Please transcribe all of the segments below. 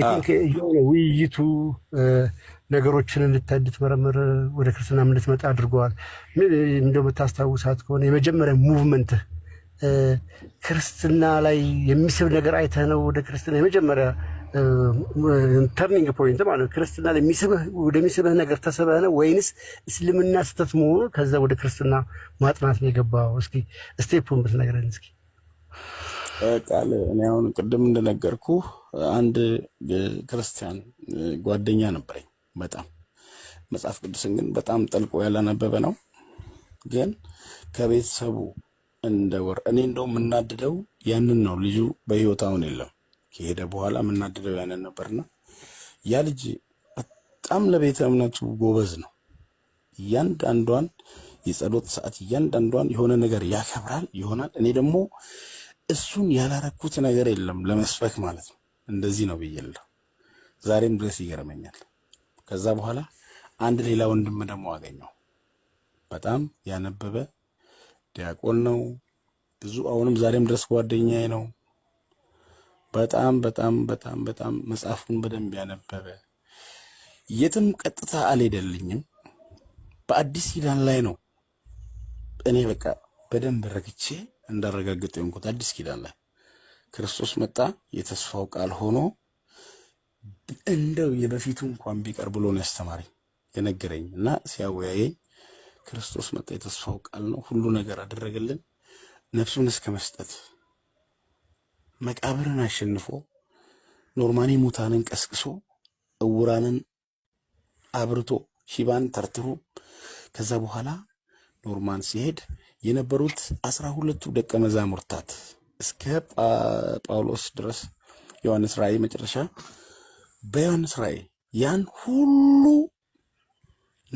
የሆነ ውይይቱ ነገሮችን እንድትመረምር ወደ ክርስትና እንድትመጣ አድርገዋል። እንደው ምታስታውሳት ከሆነ የመጀመሪያ ሙቭመንት ክርስትና ላይ የሚስብ ነገር አይተህ ነው ወደ ክርስትና የመጀመሪያ ተርኒንግ ፖይንት ማለት ነው። ክርስትና ወደሚስብህ ነገር ተስበህ ነው ወይንስ እስልምና ስህተት መሆኑ ከዛ ወደ ክርስትና ማጥናት ነው የገባው? እስኪ ስቴፑን ብትነግረን እስኪ ቃል እኔ አሁን ቅድም እንደነገርኩህ አንድ ክርስቲያን ጓደኛ ነበረኝ። በጣም መጽሐፍ ቅዱስን ግን በጣም ጠልቆ ያላነበበ ነው። ግን ከቤተሰቡ እንደወር እኔ እንደው የምናድደው ያንን ነው። ልጁ በህይወት አሁን የለም። ከሄደ በኋላ የምናድደው ያንን ነበርና ያ ልጅ በጣም ለቤተ እምነቱ ጎበዝ ነው። እያንዳንዷን የጸሎት ሰዓት እያንዳንዷን የሆነ ነገር ያከብራል ይሆናል። እኔ ደግሞ እሱን ያላረኩት ነገር የለም ለመስበክ ማለት ነው እንደዚህ ነው ብዬለሁ። ዛሬም ድረስ ይገርመኛል። ከዛ በኋላ አንድ ሌላ ወንድም ደግሞ አገኘው። በጣም ያነበበ ዲያቆን ነው። ብዙ አሁንም ዛሬም ድረስ ጓደኛዬ ነው። በጣም በጣም በጣም በጣም መጽሐፉን በደንብ ያነበበ የትም ቀጥታ አልሄደልኝም። በአዲስ ኪዳን ላይ ነው እኔ በቃ በደንብ ረግቼ እንዳረጋግጥ የሆንኩት አዲስ ኪዳን ላይ ክርስቶስ መጣ የተስፋው ቃል ሆኖ እንደው የበፊቱ እንኳን ቢቀር ብሎ ነው ያስተማረኝ የነገረኝ እና ሲያወያየኝ ክርስቶስ መጣ የተስፋው ቃል ነው። ሁሉ ነገር አደረገልን። ነፍሱን እስከ መስጠት መቃብርን አሸንፎ ኖርማኒ ሙታንን ቀስቅሶ እውራንን አብርቶ ሽባን ተርትሮ ከዛ በኋላ ኖርማን ሲሄድ የነበሩት አስራ ሁለቱ ደቀ መዛሙርታት እስከ ጳውሎስ ድረስ ዮሐንስ ራእይ መጨረሻ በዮሐንስ ራእይ ያን ሁሉ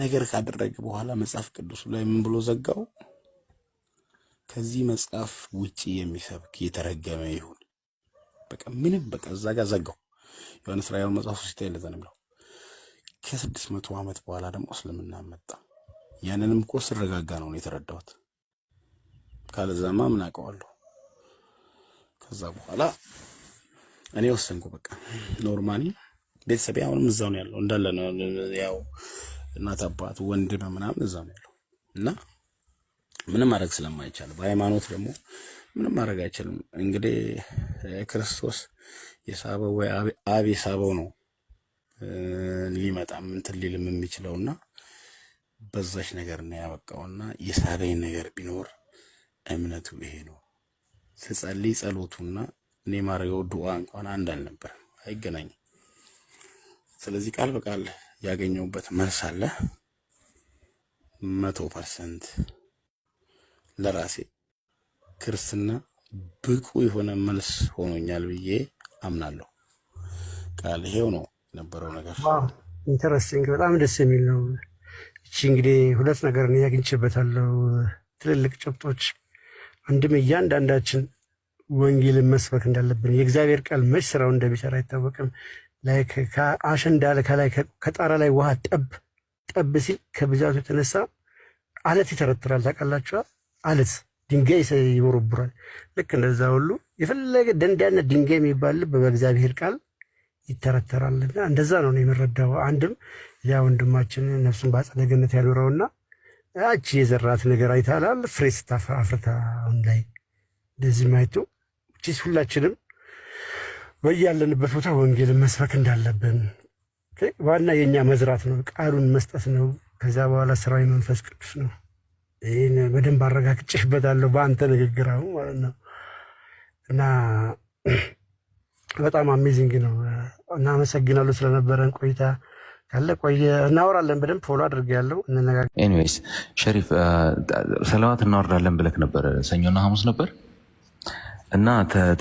ነገር ካደረገ በኋላ መጽሐፍ ቅዱስ ላይ ምን ብሎ ዘጋው? ከዚህ መጽሐፍ ውጪ የሚሰብክ የተረገመ ይሁን። በቃ ምንም በቃ እዛ ጋር ዘጋው። ዮሐንስ ራእይ መጽሐፍ ውስጥ ዘንም ነው። ከስድስት መቶ ዓመት በኋላ ደግሞ እስልምና መጣ። ያንንም እኮ ስረጋጋ ነው የተረዳሁት። ካለዛማ ምን አውቀዋለሁ። ከዛ በኋላ እኔ ወሰንኩ። በቃ ኖርማሊ ቤተሰብ አሁንም እዛው ነው ያለው እንዳለ ነው ያው እናት አባት ወንድም ምናምን እዛ ነው ያለው እና ምንም ማድረግ ስለማይቻል በሃይማኖት ደግሞ ምንም ማድረግ አይችልም። እንግዲህ ክርስቶስ የሳበው ወይ አብ የሳበው ነው ሊመጣም እንትን ሊልም እና በዛች ነገር ነው ያበቃውና የሳበኝ ነገር ቢኖር እምነቱ ይሄ ነው። ስጸልይ ጸሎቱና እኔ ማድረገው ዱዓ እንኳን አንድ አልነበር፣ አይገናኝም። ስለዚህ ቃል በቃል ያገኘውበት መልስ አለ። መቶ ፐርሰንት ለራሴ ክርስትና ብቁ የሆነ መልስ ሆኖኛል ብዬ አምናለሁ። ቃል ይሄው ነው የነበረው ነገር። ኢንተረስቲንግ፣ በጣም ደስ የሚል ነው። እቺ እንግዲህ ሁለት ነገር እኔ አግኝቼበታለሁ፣ ትልልቅ ጭብጦች አንድም እያንዳንዳችን ወንጌልን መስበክ እንዳለብን የእግዚአብሔር ቃል መች ስራው እንደሚሰራ አይታወቅም። አሸንዳ ከላይ ከጣራ ላይ ውሃ ጠብ ጠብ ሲል ከብዛቱ የተነሳ አለት ይተረትራል። ታውቃላችኋል፣ አለት ድንጋይ ይቦረቡራል። ልክ እንደዛ ሁሉ የፈለገ ደንዳና ድንጋይ የሚባል ልብ በእግዚአብሔር ቃል ይተረተራልና እንደዛ ነው የምረዳው። አንድም ያ ወንድማችን ነፍሱን በአጸደ ገነት ያኑረውና ያቺ የዘራት ነገር አይታላል ፍሬ ስታፈራ አፍርታ አሁን ላይ እንደዚህ ማየቱ ቺስ ሁላችንም በያለንበት ቦታ ወንጌልን መስበክ እንዳለብን ዋና የእኛ መዝራት ነው፣ ቃሉን መስጠት ነው። ከዛ በኋላ ስራዊ መንፈስ ቅዱስ ነው። ይህን በደንብ አረጋግጬበታለሁ በአንተ ንግግር አሁን ማለት ነው። እና በጣም አሜዚንግ ነው። እናመሰግናለሁ ስለነበረን ቆይታ ካለ ቆየ እናወራለን። በደንብ ፎሎ አድርገ ያለው እንነጋገር። ኤኒዌይስ ሸሪፍ ሰለዋት እናወርዳለን ብለክ ነበር፣ ሰኞና ሐሙስ ነበር እና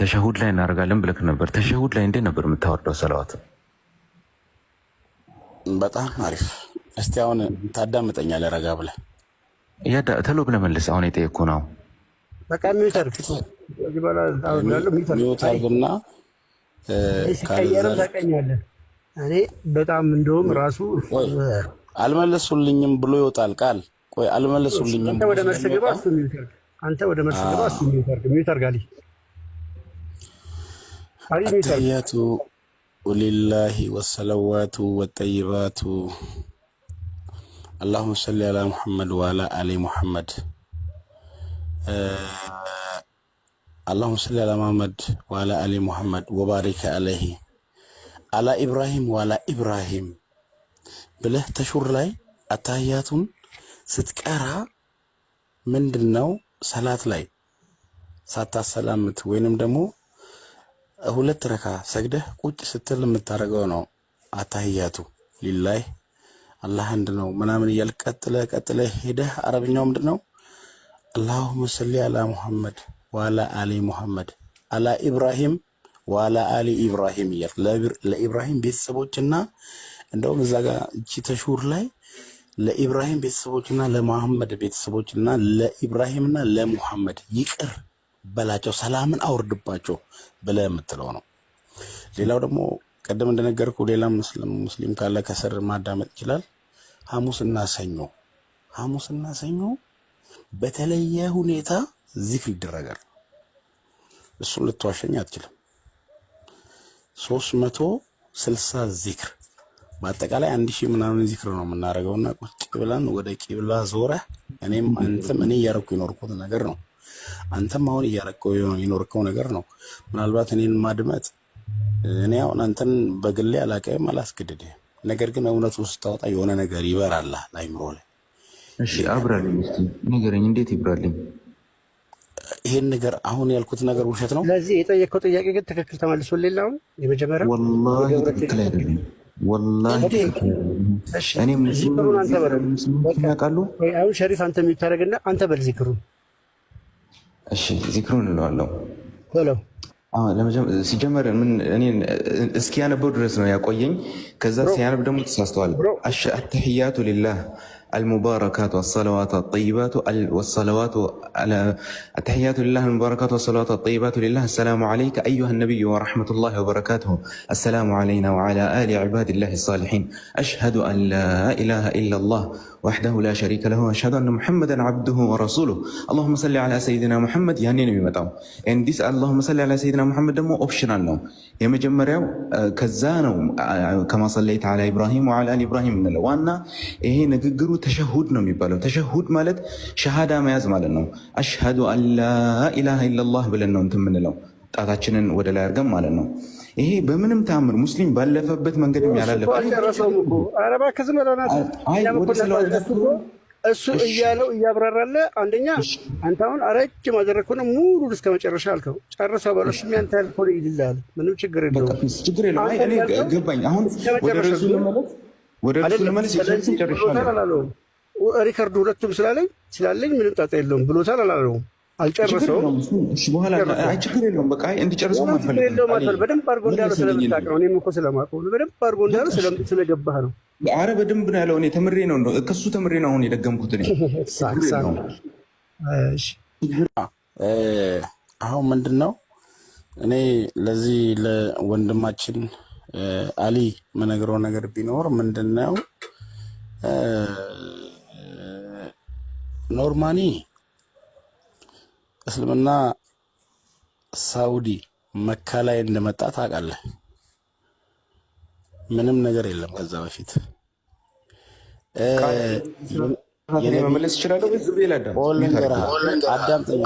ተሸሁድ ላይ እናደርጋለን ብለክ ነበር። ተሸሁድ ላይ እንዴት ነበር የምታወርደው ሰለዋት? በጣም አሪፍ። እስቲ አሁን ታዳምጠኛለህ? ረጋ ብለህ ተሎ ብለህ መልስ። አሁን የጠየኩህ ነው። በቃ ሚዩት አድርግ እና እኔ በጣም እንደውም ራሱ አልመለሱልኝም ብሎ ይወጣል ቃል። ቆይ አልመለሱልኝም፣ አንተ ወደ መልስ ግባ፣ እሱ አንተ ወደ መልስ ግባ፣ እሱ አተያቱ ወሰለዋቱ ወጠይባቱ አላሁመ ሰሊ አላ ሙሐመድ ወአላ አሊ ሙሐመድ አላሁመ ሰሊ አላ ሙሐመድ ወአላ አሊ ሙሐመድ ወባሪክ አለይህ አላ ኢብራሂም ዋላ ኢብራሂም ብለህ ተሹር ላይ አታህያቱን ስትቀራ ምንድን ነው ሰላት ላይ ሳታሰላምት ወይንም ደግሞ ሁለት ረካ ሰግደህ ቁጭ ስትል የምታደርገው ነው። አታህያቱ ሊላህ አላህ አንድ ነው ምናምን እያል ቀጥለ ቀጥለ ሄደህ አረብኛው ምንድን ነው? አላሁመ ሰሊ አላ ሙሐመድ ዋላ አሊ ሙሐመድ አላ ኢብራሂም ዋላ አሊ ኢብራሂም እያልክ ለኢብራሂም ቤተሰቦችና እንደውም እዛ ጋር እቺ ተሹር ላይ ለኢብራሂም ቤተሰቦችና ለመሐመድ ቤተሰቦችና ለኢብራሂምና ለሙሐመድ ይቅር በላቸው ሰላምን አውርድባቸው ብለህ የምትለው ነው። ሌላው ደግሞ ቀደም እንደነገርኩ ሌላ ሙስሊም ካለ ከስር ማዳመጥ ይችላል። ሐሙስና ሰኞ ሐሙስና ሰኞ በተለየ ሁኔታ ዚክር ይደረጋል። እሱን ልትዋሸኝ አትችልም። ሶስት መቶ ስልሳ ዚክር በአጠቃላይ አንድ ሺህ ምናምን ዚክር ነው የምናደርገውና ቁጭ ብለን ወደ ቂብላ ዞረ እኔም አንተም እኔ እያረኩ የኖርኩት ነገር ነው። አንተም አሁን እያረከው የኖርከው ነገር ነው። ምናልባት እኔን ማድመጥ እኔ አሁን አንተን በግሌ አላቀም አላስገድድ፣ ነገር ግን እውነቱን ስታወጣ የሆነ ነገር ይበራል ላይምሮ ላይ። እሺ አብራልኝ፣ ንገረኝ፣ እንዴት ይብራልኝ? ይሄን ነገር አሁን ያልኩት ነገር ውሸት ነው። ለዚህ የጠየቀው ጥያቄ ግን ትክክል ተመልሶ ሌላውን የመጀመሪያ ወላሂ ሸሪፍ አንተ የሚታደረግና አንተ በል ዚክሩን። እሺ ዚክሩን እንለዋለው በለው ሲጀመር እስኪያነበው ድረስ ነው ያቆየኝ። ከዛ ሲያነብ ደግሞ ተሳስተዋል። አተሕያቱ ሊላህ المباركات والصلوات الطيبات والصلوات على التحيات لله المباركات والصلوات الطيبات لله السلام عليك أيها النبي ورحمة الله وبركاته السلام علينا وعلى آل عباد الله الصالحين أشهد أن لا إله إلا الله وحده لا شريك له وأشهد أن محمدا عبده ورسوله اللهم صل على سيدنا محمد يا يعني نبي متام إن ديس اللهم صل على سيدنا محمد ደግሞ ኦፕሽናል ነው የመጀመሪያው ከዛ ነው كما صليت على إبراهيم وعلى آل إبراهيم من ዋና إيه ንግግሩ ተሸሁድ ነው የሚባለው። ተሸሁድ ማለት ሸሃዳ መያዝ ማለት ነው። አሽሃዱ አላ ኢላሃ ኢለላህ ብለን ነው እንትን የምንለው ጣታችንን ወደ ላይ አድርገን ማለት ነው። ይሄ በምንም ተአምር ሙስሊም ባለፈበት መንገድ ያላለፈ እሱ እያለው እያብራራለ አንደኛ አንተ አሁን ረጅም አደረግኩነ ሙሉ እስከ መጨረሻ አልከው ጨርሰ በለሱ ያንተ ያልኮ ይልልል ምንም ችግር የለውም። ችግር የለውም። ገባኝ። አሁን ወደ ርዕሱ ለመለት ወደ እሱ ሁለቱም ስላለኝ ስላለኝ ምንም ጣጣ የለውም ብሎታል አላለውም። አልጨረሰውም። ችግር የለውም። በቃ እንዲጨርሰው በደንብ አድርጎ እንዳለው ስለምታውቅ ነው። እኔም እኮ ስለማውቀው በደንብ አድርጎ እንዳለው ስለገባህ ነው። አረ በደንብ ነው ያለው። እኔ ተምሬ ነው ከሱ ተምሬ ነው አሁን የደገምኩት። አሁን ምንድን ነው እኔ ለዚህ ለወንድማችን አሊ መነግረው ነገር ቢኖር ምንድነው ኖርማኒ እስልምና ሳውዲ መካ ላይ እንደመጣ ታውቃለህ። ምንም ነገር የለም ከዛ በፊት መመለስ ይችላለሁ። አዳምጠኝ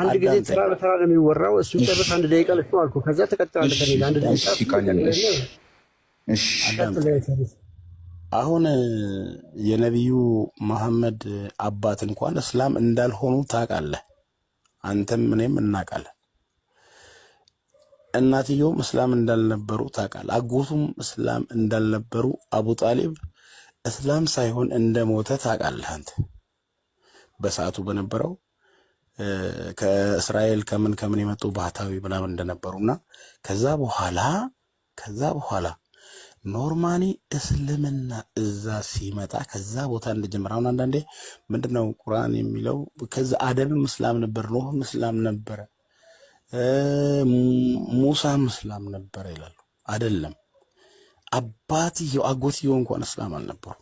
አንድ ጊዜ ስራ በስራ ነው የሚወራው። እሱ ጨርስ አንድ ደቂቃ ልክ አልኩ። ከዛ ተቀጥላለህ አሁን የነቢዩ መሐመድ አባት እንኳን እስላም እንዳልሆኑ ታውቃለህ። አንተም እኔም እናውቃለን። እናትየውም እስላም እንዳልነበሩ ታውቃለህ። አጎቱም እስላም እንዳልነበሩ አቡ ጣሊብ እስላም ሳይሆን እንደሞተ ታውቃለህ። አንተ በሰዓቱ በነበረው ከእስራኤል ከምን ከምን የመጡ ባህታዊ ምናምን እንደነበሩና ከዛ በኋላ ከዛ በኋላ ኖርማኒ እስልምና እዛ ሲመጣ ከዛ ቦታ እንደጀመረ አሁን አንዳንዴ ምንድነው ቁርአን የሚለው ከዛ አደም እስላም ነበር፣ ኖህ እስላም ነበረ፣ ሙሳ እስላም ነበረ ይላሉ። አደለም አባትየው አጎትየው እንኳን እስላም አልነበሩ።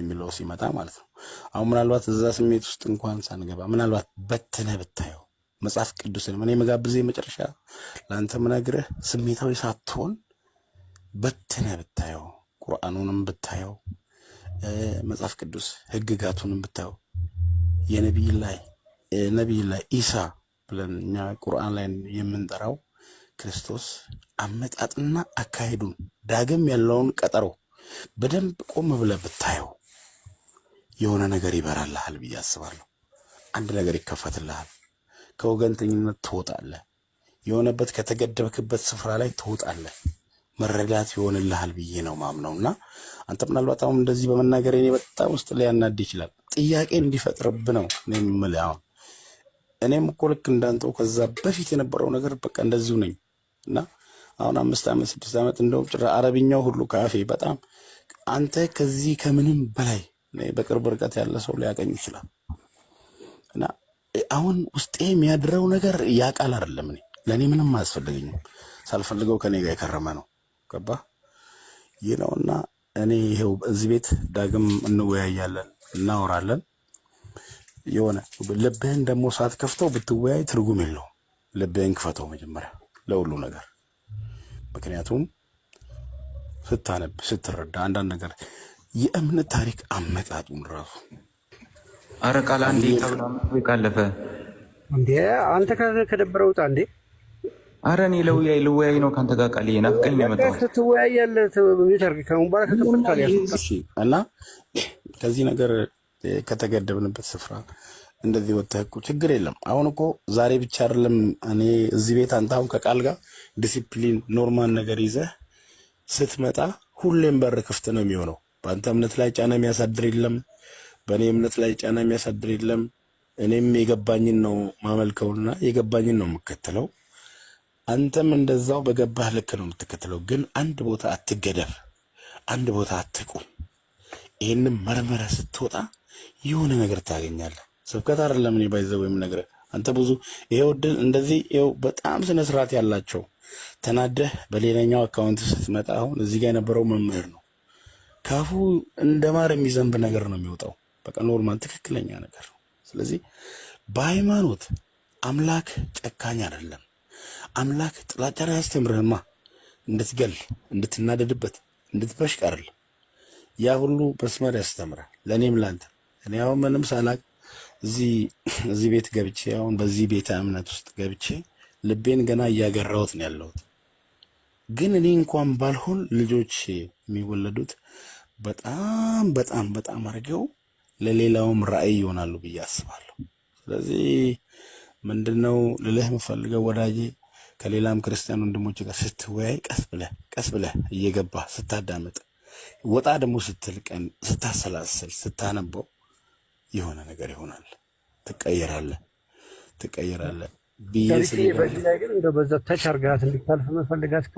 የሚለው ሲመጣ ማለት ነው። አሁን ምናልባት እዛ ስሜት ውስጥ እንኳን ሳንገባ ምናልባት በትነ ብታየው መጽሐፍ ቅዱስን እኔ መጋብዜ መጨረሻ ለአንተ ምነግርህ ስሜታዊ ሳትሆን በትነ ብታየው ቁርአኑንም ብታየው መጽሐፍ ቅዱስ ህግጋቱንም ብታየው የነቢይ ላይ ነቢይ ላይ ኢሳ ብለን እኛ ቁርአን ላይ የምንጠራው ክርስቶስ አመጣጥና አካሄዱን ዳግም ያለውን ቀጠሮ በደንብ ቆም ብለህ ብታየው የሆነ ነገር ይበራልሃል ብዬ አስባለሁ። አንድ ነገር ይከፈትልሃል። ከወገንተኝነት ትወጣለህ። የሆነበት ከተገደብክበት ስፍራ ላይ ትወጣለህ። መረዳት ይሆንልሃል ብዬ ነው ማምነው እና አንተ ምናልባት አሁን እንደዚህ በመናገር እኔ በጣም ውስጥ ሊያናድ ይችላል። ጥያቄ እንዲፈጥርብ ነው ምል የምልህ። አሁን እኔም እኮ ልክ እንዳንተው ከዛ በፊት የነበረው ነገር በቃ እንደዚሁ ነኝ እና አሁን አምስት ዓመት ስድስት ዓመት እንደውም ጭራ አረብኛው ሁሉ ካፌ በጣም አንተ ከዚህ ከምንም በላይ በቅርብ ርቀት ያለ ሰው ሊያቀኝ ይችላል። እና አሁን ውስጤ የሚያድረው ነገር ያቃል ቃል አይደለም። እኔ ለእኔ ምንም አያስፈልገኝም። ሳልፈልገው ከኔ ጋር የከረመ ነው። ገባ ይህ እና እኔ ይሄው እዚህ ቤት ዳግም እንወያያለን፣ እናወራለን። የሆነ ልብህን ደግሞ ሳትከፍተው ብትወያይ ትርጉም የለውም። ልብህን ክፈተው መጀመሪያ ለሁሉ ነገር። ምክንያቱም ስታነብ ስትረዳ አንዳንድ ነገር የእምነት ታሪክ አመጣጡም ራሱ አረ ቃል አንዴ ካለፈ እንዴ አንተ ከደበረ ውጣ እንዴ። አረ እኔ ለውያይ ልወያይ ነው ከአንተ ጋር ቃል ናፍቀኝ እና ከዚህ ነገር ከተገደብንበት ስፍራ እንደዚህ ወጥተህ እኮ ችግር የለም። አሁን እኮ ዛሬ ብቻ አይደለም እኔ እዚህ ቤት አንተ አሁን ከቃል ጋር ዲሲፕሊን ኖርማል ነገር ይዘህ ስትመጣ ሁሌም በር ክፍት ነው የሚሆነው። በአንተ እምነት ላይ ጫና የሚያሳድር የለም፣ በእኔ እምነት ላይ ጫና የሚያሳድር የለም። እኔም የገባኝን ነው ማመልከውና የገባኝን ነው የምከተለው። አንተም እንደዛው በገባህ ልክ ነው የምትከተለው። ግን አንድ ቦታ አትገደብ፣ አንድ ቦታ አትቁም። ይህንም መርመረ ስትወጣ የሆነ ነገር ታገኛለህ። ስብከት አይደለም እኔ ባይዘ ወይም ነገር አንተ ብዙ ይሄው ድል እንደዚህ ይሄው በጣም ስነ ስርዓት ያላቸው ተናደህ በሌላኛው አካውንት ስትመጣ አሁን እዚህ ጋር የነበረው መምህር ነው ካፉ እንደ ማር የሚዘንብ ነገር ነው የሚወጣው። በቃ ኖርማል ትክክለኛ ነገር ነው። ስለዚህ በሃይማኖት አምላክ ጨካኝ አይደለም። አምላክ ጥላቻን ያስተምርህማ እንድትገል፣ እንድትናደድበት፣ እንድትበሽቅ አይደለም። ያ ሁሉ መስመር ያስተምራል። ለእኔም ላንተ እኔ አሁን ምንም ሳላቅ እዚህ ቤት ገብቼ አሁን በዚህ ቤተ እምነት ውስጥ ገብቼ ልቤን ገና እያገራሁት ነው ያለሁት። ግን እኔ እንኳን ባልሆን ልጆች የሚወለዱት በጣም በጣም በጣም አድርገው ለሌላውም ራዕይ ይሆናሉ ብዬ አስባለሁ። ስለዚህ ምንድነው ልልህ የምፈልገው ወዳጄ ከሌላም ክርስቲያን ወንድሞች ጋር ስትወያይ ቀስ ብለህ ቀስ ብለህ እየገባ ስታዳምጥ ወጣ ደግሞ ስትልቀን ስታሰላስል ስታነበው የሆነ ነገር ይሆናል። ትቀየራለህ ትቀየራለህ ብዬ ስለ በዛ ተቻርጋት እንዲታልፍ መፈልጋት